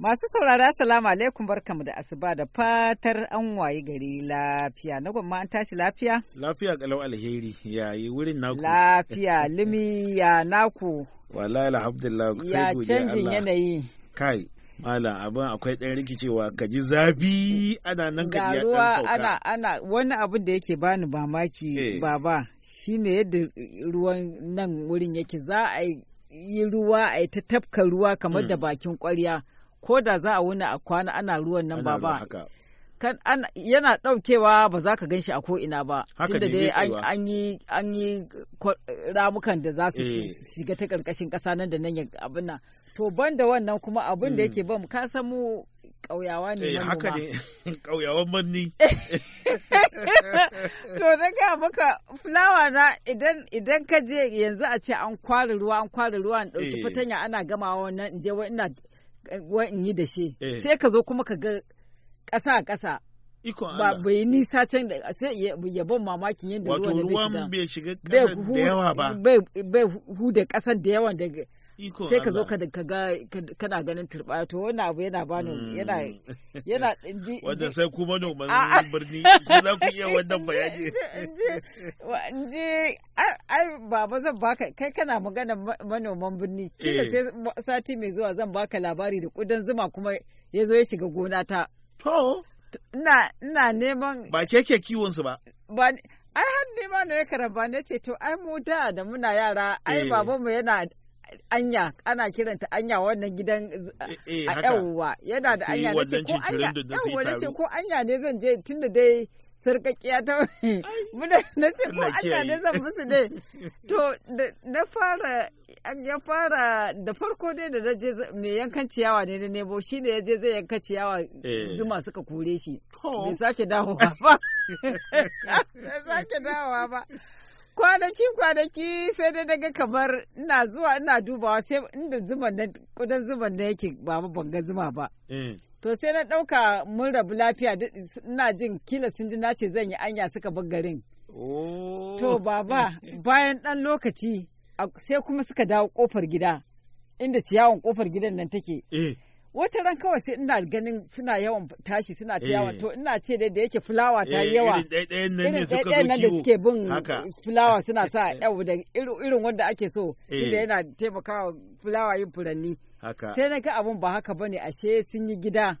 Masu saurara salamu alaikum barkamu da asuba da fatar an wayi gari lafiya. Na gwamma an tashi lafiya? Lafiya kalau alheri yayi wurin naku. Lafiya limi ya naku. Wallahi alhamdulillah sai godiya Allah. Ya canjin yanayi. Kai Malam abin akwai ɗan rikicewa ka ji zafi ana nan ka ji sauka. ana ana wani abin da yake bani mamaki eh. baba shine yadda ruwan nan wurin yake za a yi ruwa a yi ta tafka ruwa kamar da hmm. bakin kwarya. ko da za a wuni a kwana ana ruwan nan ba ba yana ɗaukewa ba za ka gan shi a ko'ina ba tunda dai an yi ramukan da za su eh. shiga ta karkashin ƙasa nan da nan ya abin nan to ban da wannan kuma abin da hmm. yake bamu ka san mu ƙauyawa ne eh, manoma haka ne ƙauyawan manni to na ga maka fulawa na idan idan ka je yanzu a ce an kwara ruwa an kwara ruwa an ɗauki eh. fatanya ana gamawa wannan in je ina in yi da shi eh. sai ka zo kuma ka ga ƙasa ƙasa ikon Allah ba bai nisa can da sai yabon mamakin yadda ruwan da bai shiga da yawa ba bai huda ƙasar da yawa daga sai ka zo ka ga kana ganin turba to wannan abu yana bani hmm. yana yana inji wanda sai ku manoman birni za ku iya wannan bayani inji ai baba zan baka kai kana magana manoman birni kila eh. sai sati mai zuwa zan baka labari da kudan zuma kuma ya zo ya shiga gona ta to ina ina neman ba keke kiwon su ba ba ai har ne na ya karamba ne ce to ai mu da da muna yara ai eh. babanmu yana anya ana kiranta anya wannan gidan eh, eh, a yawwa yana da anya na ce ko anya yawwa ne ce ko anya ne zan je tunda dai sarkakiya ta muna na ce ko anya ne zan musu dai to na fara ya fara da farko dai da na je mai yankan ciyawa ne na nebo shi ne ya je zai yanka ciyawa eh. zuma suka kore shi bai sake dawowa ba bai sake dawowa ba kwanaki kwanaki sai dai daga kamar ina zuwa ina dubawa sai inda zuman na kudan zuman na yake ba ban ga zuma ba eh. to sai na ɗauka mun rabu lafiya ina jin kila sun ji nace zan yi anya suka bar garin oh. to baba bayan ɗan lokaci sai kuma suka dawo kofar gida inda ciyawan kofar gidan nan take eh. wata ran kawai sai ina ganin suna yawan tashi suna ta eh. yawa to ina ce dai da yake fulawa ta eh, yawa irin ɗaiɗayan nan da suke bin fulawa suna sa yau da irin wanda ake so inda eh. yana taimakawa fulawa yin furanni sai na ga abun ba haka bane ashe sun yi gida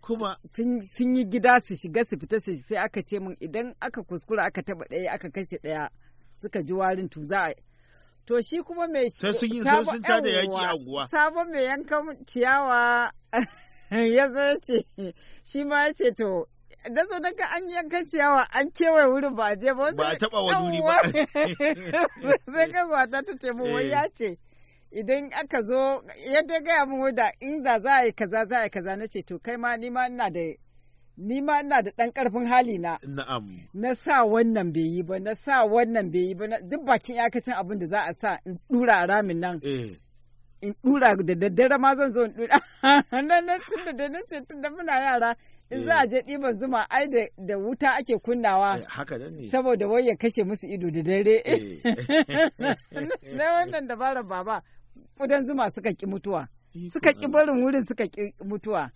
kuma sun yi gida su shiga su fita su sai aka ce min idan aka kuskura aka taba ɗaya aka kashe ɗaya suka ji warin to za a To shi kuma mai sai sun yi sun yaki a Sabon mai yankan ciyawa ya zo ya ce shi ma ya ce to da zo daga an yanka ciyawa an kewaye wurin ba a je ba. Ba a taba wani wuri ba. Sai kai ba ta ce mu eh. ya ce. idan aka zo yadda gaya mu da inda za a yi kaza za a yi kaza na ce to kai ma ni ma ina da ni ma ina da ɗan ƙarfin hali na. Na'am. Na sa wannan bai yi ba, na sa wannan bai yi ba, duk bakin yakacin abin da za a sa in ɗura a ramin nan. Eh. In ɗura da daddare ma zan zo in ɗura. Nan nan tun da nan ce tun da muna yara. In za a eh. je ɗiban zuma ai da wuta ake kunnawa. Eh, haka da ne. Saboda wai ya kashe musu ido da dare. Na wannan dabarar baba. Kudan zuma suka ƙi mutuwa. Suka ƙi barin wurin suka ƙi mutuwa.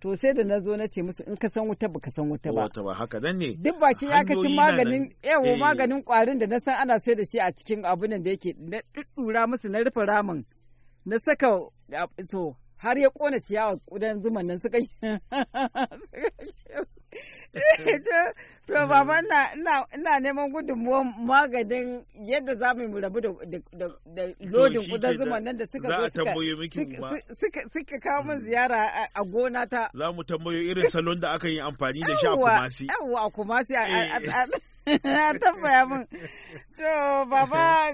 to sai da na zo na ce musu in ka san wuta ba ka san wuta ba. Wata ba haka dan ne. Duk bakin yakacin maganin yawo eh. maganin kwarin da na san ana sai da shi a cikin abunan da yake na dudura musu na rufe ramin na saka to har ya kona ciyawa kudan zuman nan suka To baba ina neman gudunmuwan maganin yadda za mu rabu da lodin kudan zuma nan da suka zo suka kawo min hmm. ziyara a gona ta. Za mu tambayo irin salon da aka yi amfani da shi a kumasi. Yawwa a kumasi a eh. na tambaya mun to baba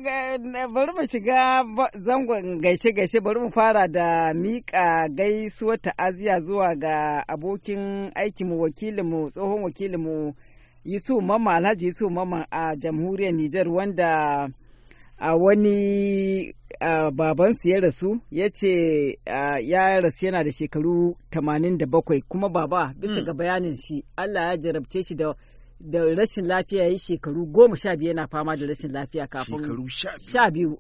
bari mu shiga zangon gaishe gaishe bari mu fara da miƙa gaisuwar ta'aziya zuwa ga abokin aikinmu wakilinmu tsohon wakilinmu Yusuf Mama Alhaji Yusuf Mama a jamhuriyar Nijar wanda a wani babansu ya rasu ya ce ya rasu yana da shekaru 87 kuma baba bisa hmm. ga bayanin shi Allah ya jarabce shi da da rashin lafiya ya yi shekaru goma sha biyu yana fama da rashin lafiya kafin shekaru sha biyu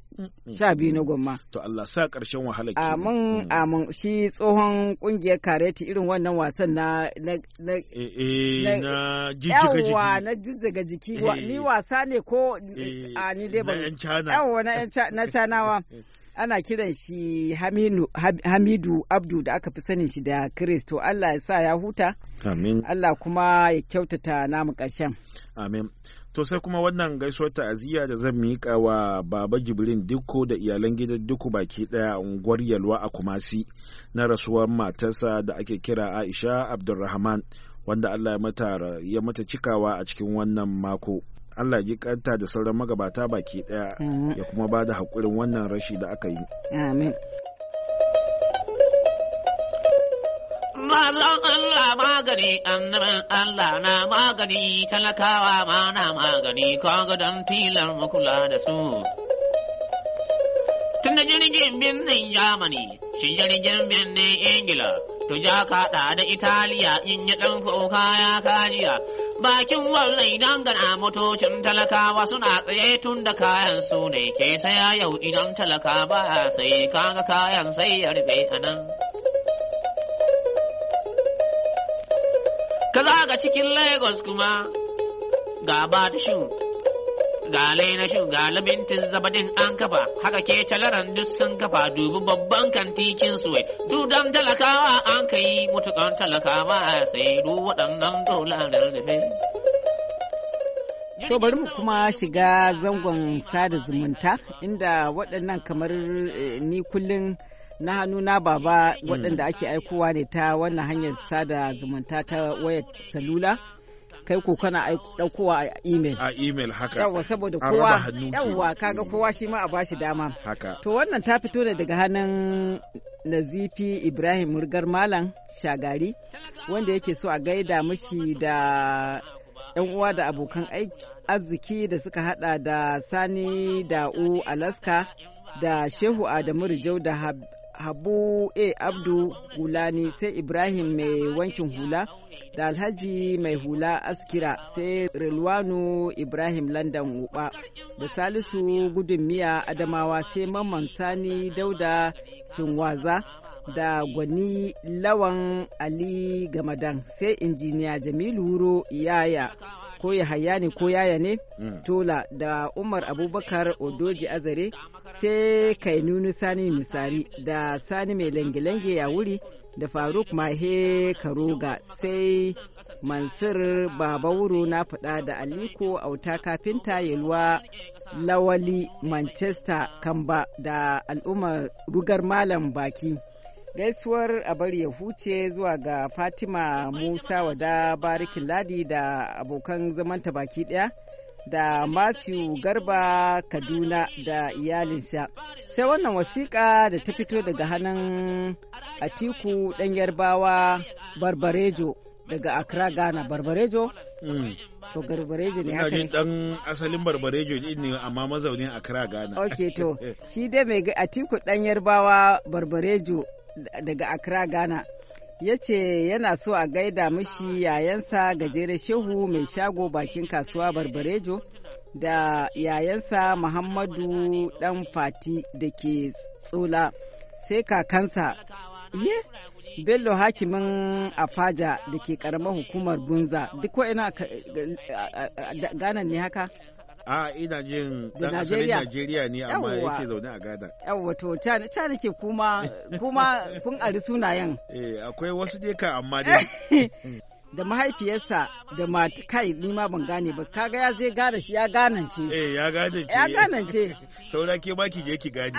sha biyu na gwamma to Allah sa karshen wahalar amin hmm. amin shi tsohon kungiyar kareti irin wannan wasan na na na eh, eh, na jijjiga jiki na jijjiga jiki ni eh. wasa ne ko a ni dai ban yawa na yan canawa ana kiran shi Hamidu, Abdu da aka fi sanin shi da Kristo. Allah ya sa ya huta. Amin. Allah kuma ya kyautata namu ƙarshen. Amin. To sai kuma wannan gaisuwar ta'aziyya da zan miƙa wa Baba Jibrin Dikko da iyalan gidan Dikko baki ɗaya a unguwar Yalwa a Kumasi na rasuwar matarsa da ake kira Aisha Abdulrahman wanda Allah ya mata cikawa a cikin wannan mako. Allah ji kanta da sauran magabata baki daya ya kuma ba da haƙurin wannan rashi da aka yi. Amin. Mazan Allah magani, annabin Allah na magani, talakawa ma na magani, kaga don tilar makula da su. Tun da jirgin birnin Germany, shi jirgin birnin Ingila, to ja kaɗa da Italiya in yi ɗan kuka ya kariya. bakin wallai dangana motocin talakawa suna tsaye tun da kayan su ne ke saya yau idan talaka ba sai kaga kayan sai ya rufe a nan. Ka zaga cikin Lagos kuma ga ba ga na shin zabadin an kafa haka ke calaran duk sun kafa dubi babban kantikin su dudan talakawa an kai yi mutukan talakawa sai du waɗannan dolarar da To bari mu kuma shiga zangon sada zumunta inda waɗannan kamar eh, ni kullum na hannu na baba waɗanda ake aikowa ne ta wannan hanyar sada zumunta ta wayar salula kai ko kana daukowa a email a email haka yawa saboda kowa yawa kaga kowa shi ma a bashi dama haka to wannan ta fito ne daga hannun nazifi ibrahim murgar malam shagari wanda yake so a gaida mashi da yan uwa da abokan arziki da suka hada da sani da'u alaska da shehu adamu rijau da habu a abdu hulani sai ibrahim mai wankin hula da alhaji mai hula askira sai rilwanu ibrahim landan uba da salisu gudun miya adamawa sai mamman sani dauda cinwaza da gwani lawan ali gamadan sai injiniya jamilu wuro yaya ko yahaya ne ko yaya ne mm. tola da umar abubakar odoji azare sai kainunu sani misari da sani mai lange-lange ya wuri da faruk mahe karoga sai mansur babawuro na fada da aliko auta kafinta yalwa lawali manchester kamba da al'ummar rugar malam baki gaisuwar a bari ya huce zuwa ga fatima musa wada barikin ladi da abokan zamanta baki daya da matthew garba kaduna da iyalinsa sai wannan wasiƙa da ta fito daga hannun atiku ɗan yarbawa barbarejo daga accra ghana barbarejo mm. to barbarejo ne haka ne. dan asalin barbarejo ne amma mazaunin accra ghana ok to shi dai mai atiku ɗan yarbawa barbarejo daga Accra, Ghana. Ya ce yana so a gaida mishi yayansa gajere shehu mai shago bakin kasuwa barbarejo da yayansa Muhammadu Dan Fati da ke tsola sai kakansa. iye Bello hakimin Afaja da ke karamar hukumar Bunza duk wa'ina ganan ne haka? a ina jin dan asalin Najeriya ne amma yake zaune a gada. yawwa to ta nake kuma kuma kun ari sunayen eh akwai wasu dai ka amma dai da mahaifiyarsa da mata kai ni ban gane ba kaga ya zai gane shi ya ganance eh ya ganance ya ganance ke je ki gane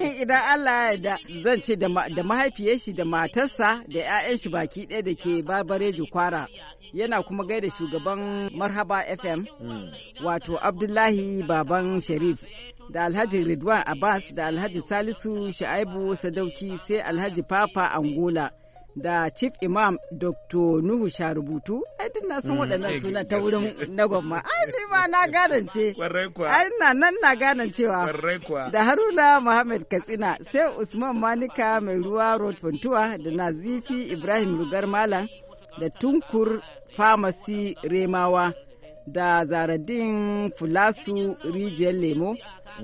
idan Allah ya da zan ce da mahaifiyar shi da matarsa da ƴaƴan shi baki ɗaya da ke babareji kwara yana kuma gaida shugaban marhaba fm hmm. wato abdullahi baban sharif da alhaji ridwan abbas da alhaji salisu sha'aibu sadauki sai alhaji papa angola da chief imam dr nuhu sha ai duk na san mm. waɗannan sunan ta wurin na gwamma ai ni ma na ganance ai na nan na ganancewa da haruna muhammad katsina sai usman manika mai ruwa road funtuwa da nazifi ibrahim rugar malam da tunkur pharmacy remawa da zaradin fulasu rijiyar lemo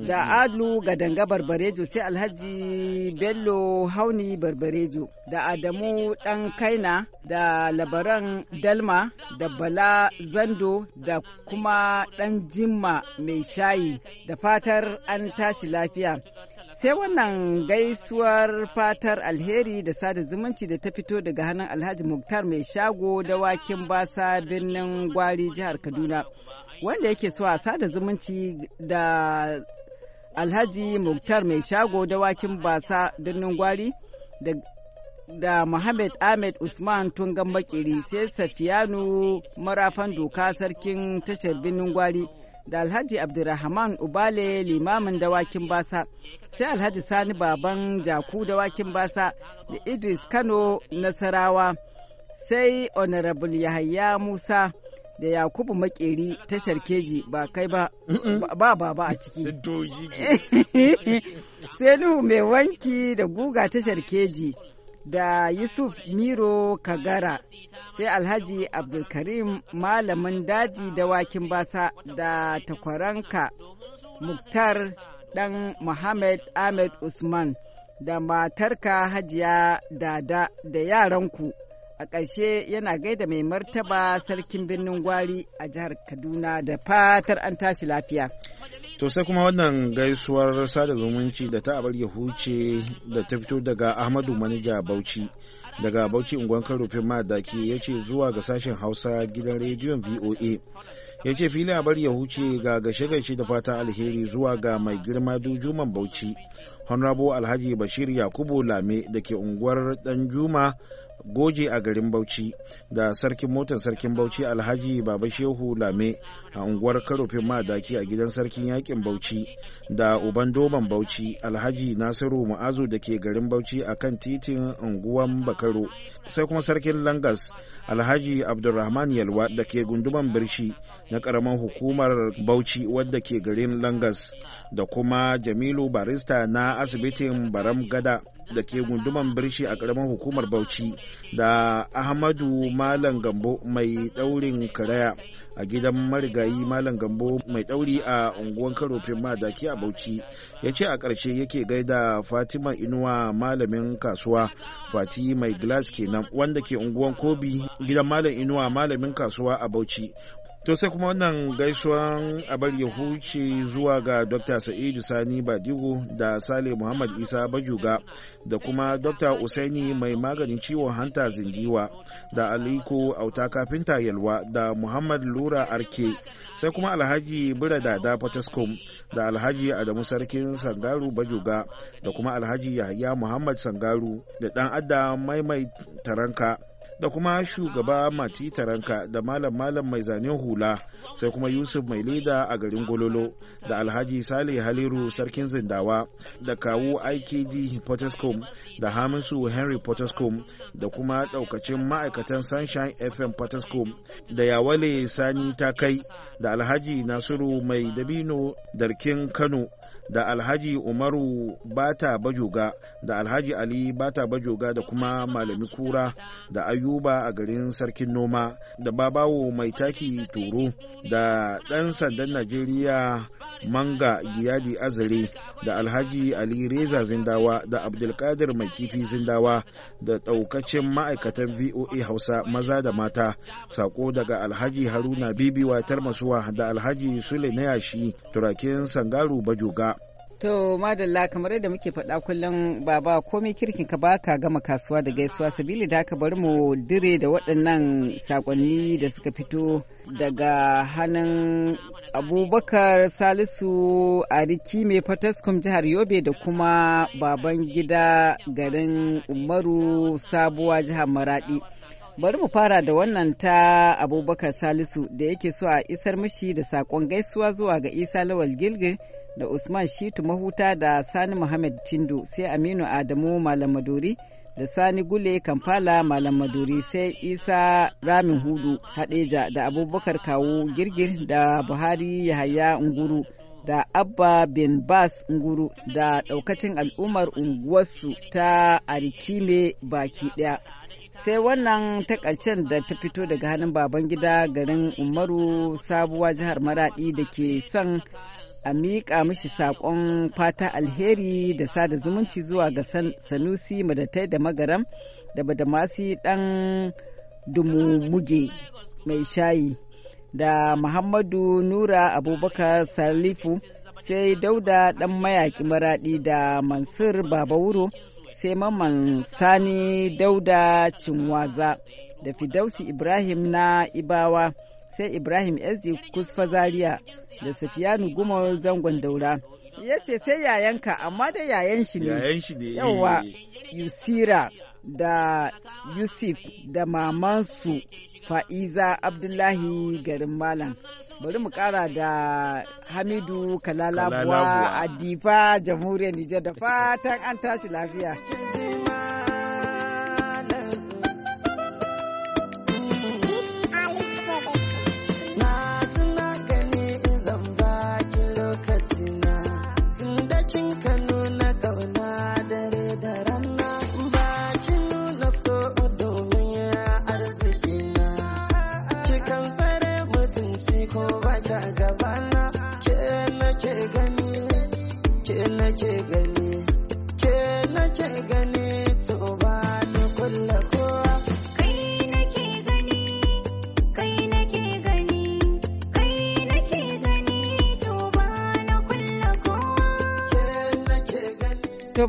da mm-hmm. adlu danga barbarejo sai alhaji bello hauni barbarejo da adamu dan kaina da labaran dalma da bala zando da kuma dan jimma mai shayi da fatar an tashi lafiya sai wannan gaisuwar fatar alheri da sada zumunci da ta fito daga hannun alhaji muktar mai shago da wakin basa birnin gwari jihar kaduna wanda yake so a sada zumunci da alhaji muktar mai shago da wakin basa birnin gwari da da Muhammad Ahmed Usman Tungan Makiri sai Safiyanu Marafan Doka Sarkin tashar Birnin Gwari da Alhaji Abdurrahman Ubale limamin dawakin basa, sai Alhaji Sani Baban Jaku dawakin basa da Idris Kano Nasarawa, sai Honorable Yahaya Musa da Yakubu Makeri tashar keji ba kai ba ba ba ba a ciki. sai Nuhu mai wanki da guga tashar keji. da Yusuf Miro Kagara sai Alhaji Abdulkarim malamin daji da wakin basa da takwaranka Muktar ɗan Muhammad Ahmed Usman da matarka Hajiya Dada da yaranku. A ƙarshe yana gaida mai martaba sarkin birnin gwari a jihar Kaduna da fatar an tashi lafiya. To sai kuma wannan gaisuwar sada zumunci da ta abar ya huce da ta fito daga Ahmadu Manija Bauchi. Daga Bauchi unguwan karufin madaki ya ce zuwa ga sashen Hausa gidan rediyon VOA. Ya ce fili abar ya huce ga gashe-gashe da fata alheri zuwa ga mai girma dujuman Bauchi. Honorable Alhaji Bashir Yakubu Lame da ke unguwar dan juma. goje a garin bauchi da sarkin motar sarkin bauchi alhaji baba shehu lame a unguwar karofin madaki a gidan sarkin yakin bauchi da uban doban bauchi alhaji nasiru Ma'azu da ke garin bauchi a kan titin unguwan bakaro sai kuma sarkin langas alhaji abdulrahman yalwa da ke gunduman birshi na karamar hukumar bauchi wadda ke garin langas da kuma jamilu barista na asibitin baram gada da ke gunduman birshi a ƙaramin hukumar Bauchi da Ahmadu Malam Gambo mai ɗaurin karaya a gidan marigayi Malam Gambo mai ɗauri a unguwan karofin madaki a Bauchi ya ce a ƙarshe yake gaida Fatima Inuwa malamin kasuwa Fati mai glass kenan wanda ke unguwan Kobi gidan Malam Inuwa malamin kasuwa a Bauchi To sai kuma wannan gaisuwan abar ya huce zuwa ga Dr. Sa'idu Sani Badigo da Sale Muhammad Isa Bajuga da kuma Dr. Usaini mai maganin ciwon hanta zingiwa da Aliko Auta Kafinta Yalwa da Muhammad Lura Arke sai kuma Alhaji Bura Dada Potaskum da Alhaji Adamu Sarkin Sangaru Bajuga da kuma Alhaji Yahya Muhammad Sangaru da dan adda Maimai Taranka. da kuma shugaba mati taranka da malam malam mai zanen hula sai kuma yusuf mai leda a garin gololo da alhaji sale haliru sarkin zindawa da kawu ikd potescom da hamisu henry potescom da kuma daukacin ma'aikatan sunshine fm potescom da yawale sani ta kai da alhaji nasiru mai dabino darkin kano da alhaji umaru bata bajoga da alhaji ali bata bajoga da kuma malami kura da ayuba a garin sarkin noma da babawo mai taki turo da dan sandan najeriya manga giyadi azare da alhaji ali reza zindawa da abdulkadir mai kifi zindawa da daukacin ma'aikatan voa hausa maza da mata sako daga alhaji haruna bibi tarmasuwa da alhaji sule na yashi turakin sangaru bajoga To madalla kamar yadda muke faɗa kullum baba komai kirkin ka baka gama kasuwa da gaisuwa sabili da haka bari mu dire da waɗannan sakonni da suka fito daga hannun abubakar salisu a riki mai fataskum jihar yobe da kuma baban gida garin umaru sabuwa jihar maradi bari mu fara da wannan ta abubakar salisu da yake so a isar mishi da sakon gaisuwa zuwa ga isa lawal gilgir da Usman Shitu Mahuta da Sani Muhammad tindu sai Aminu Adamu Malam Maduri da Sani Gule Kamfala Malam Maduri sai Isa Ramin Hudu Hadeja da Abubakar kawu Girgir da Buhari Yahaya Nguru da Abba bin Bas Nguru da daukacin al'ummar unguwarsu ta Arikime baki daya. sai wannan takarcen da ta fito daga hannun baban gida garin umaru sabuwa jihar maradi da ke son a miƙa mishi saƙon fata alheri da sada zumunci zuwa ga sanusi madatai da magaram da badamasi ɗan dumumuge mai shayi da muhammadu nura abubakar salifu sai dauda ɗan mayaƙi maraɗi da mansur baba wuro sai mamman sani dauda cinwaza da fidausi ibrahim na ibawa sai Ibrahim SD Kusfa Zaria da Safiyanu guma zangon daura. Ya ce sai yayanka amma da yayan shi ne. Yayan Yawa eh. Yusira da Yusuf da mamansu Fa'iza Abdullahi garin Malam. bari mu kara da hamidu kalalabuwa a difa jamhuriyar nijar da fatan an tashi lafiya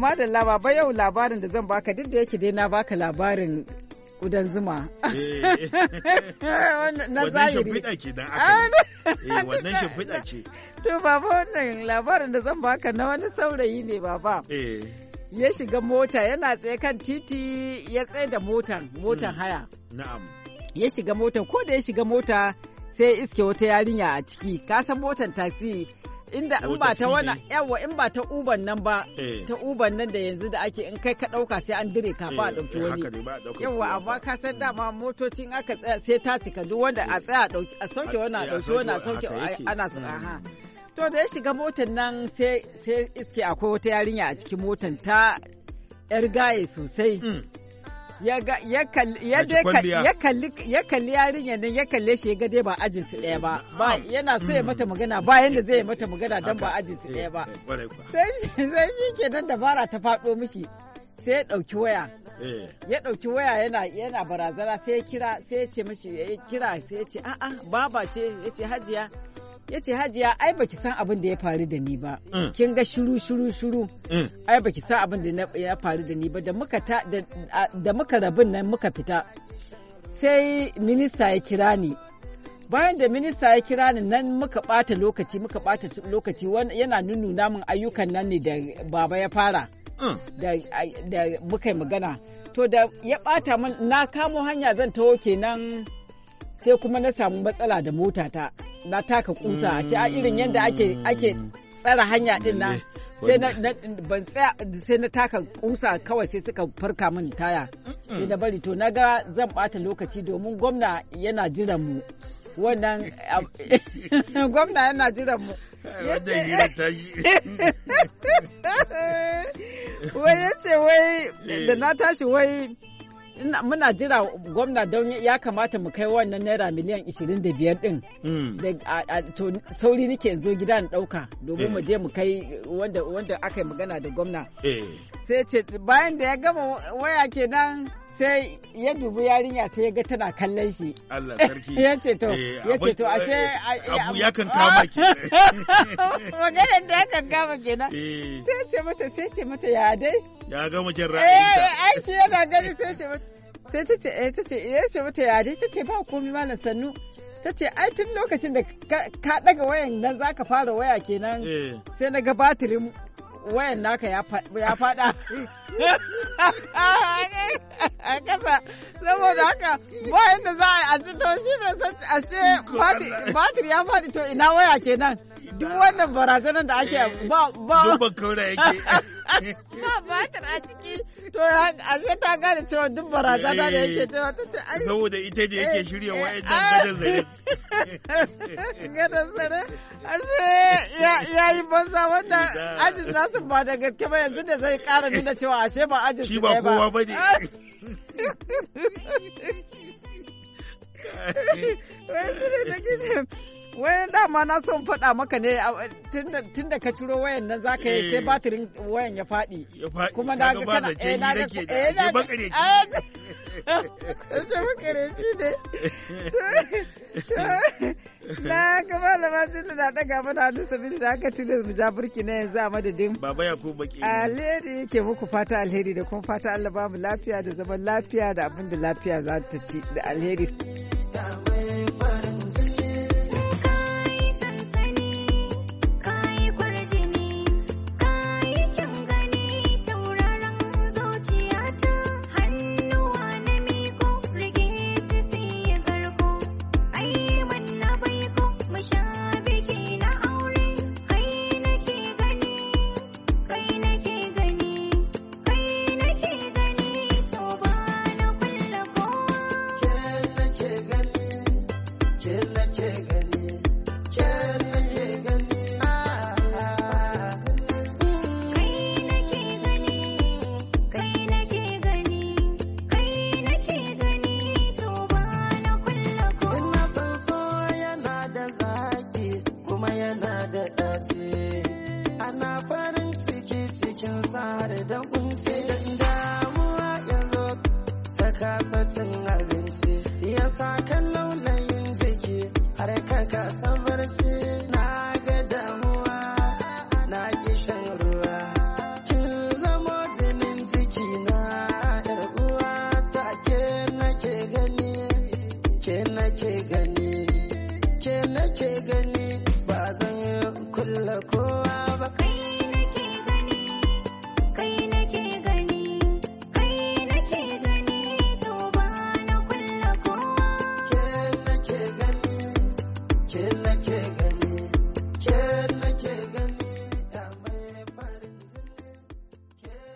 madalla ba yau labarin da zan baka duk da yake dai na baka labarin kudan zuma. Eh. Na zahiri. Wannan ke dan aka eh, Wannan shimfiɗa ce. To baba wannan labarin da zan baka na wani saurayi ne baba. Eh. Ya shiga mota yana tsaye kan titi ya tsaye da motan motan mm. haya. Na'am. Ya shiga motan ko da ya shiga mota sai iske wata yarinya a ciki ka san motan taxi inda in ba ta wani yawa in ba ta uban nan ba eh. ta uban nan da yanzu da ake in kai ka dauka sai an dire ka ba a dauki eh, eh, wani yawa amma ka san dama motocin aka tsaya sai ta cika duk wanda a tsaya a dauki a sauke wani a dauki wani a sauke ana tsaya mm. to da ya shiga motar nan sai iske akwai wata yarinya a cikin motar ta yar gaye sosai mm. ya kalli yarinyar nan ya kalle shi ya ga dai ba ajin ɗaya ba yana so ya mata magana ba yadda zai mata magana dan ba ajin ɗaya ba eh, sai shi ke nan dabara ta faɗo mishi sai ya ɗauki waya eh. ya ɗauki waya yana yana barazana sai ya kira sai ya ce mishi ya kira sai ya ce a'a baba ce ya ce hajiya ya ce hajiya ai baki san abin da ya faru da ni ba mm. kin ga shiru shiru shiru mm. ai baki san abin da ya faru da ni ba da muka da muka rabin nan muka fita sai minista ya kira ni bayan da minista ya kira ni nan muka bata lokaci muka bata lokaci yana nununa mun ayyukan nan ne da baba ya fara mm. da muka yi magana to da ya bata na kamo hanya zan taho kenan sai kuma na samu matsala da motata na taka kusa shi a irin yadda ake ake tsara hanya din na sai na ban tsaya sai na taka kusa kawai sai suka farka min taya sai na bari to na ga zan bata lokaci domin gwamna yana jiran mu wannan gwamna yana jiran mu wai ya ce wai da na tashi wai muna jira gwamna don ya kamata mu kai wannan naira miliyan 25 din hmm. sauri nike zo gida na dauka domin mu eh. je mu kai wanda aka yi magana da gwamna eh. sai ce bayan da ya gama waya kenan sai ya dubi yarinya sai ya ga tana kallon shi. Allah sarki. Ya ce to, eh, ya ce to ashe eh, abu ya kan kama ke. Maganar da ya kan kama kenan. Eh. Sai ce mata sai ce mata ya dai. Ya gama jin ra'ayinta. Eh ai shi yana gani sai ce mata. Sai ta ce eh ta ce ya ce mata ya dai ta ce ba komai malam sannu. ta ce ai tun lokacin da ka daga wayan nan zaka fara waya kenan sai na ga batirin wayan naka ya fada a kasa saboda haka wayan da za a ci to shi bai san a ce batir ya fadi to ina waya kenan duk wannan barazanar da ake ba ba ma batir a ciki to ashe ta gane cewa duk barazana da yake eh. cewa ta ce ai saboda ita da yake eh, shirya eh, wa'annan gadan zare gadan zare ashe ya yi banza wanda ajin nasu ba da gaske ba yanzu da zai kara nuna cewa ashe ba ajin su ba shi ba kowa ba ne wai shi ne da wai dama na son faɗa maka ne tun da ka ciro wayan nan zaka yi sai eh. batirin wayan ya faɗi kuma na ga kana eh na ga eh na ga ah, ce makareci ne na ga malama tun da na daga mana hannu sabili da aka tilas mu ja burki na yanzu a madadin baba ya ko baki alheri yake muku fata alheri da kuma fata Allah ba mu lafiya da zaman lafiya da abin da lafiya za ta ci da alheri da kunci damuwa ya zo ta kasa cin abinci ya sa kallon layin jiki har ka kasa barci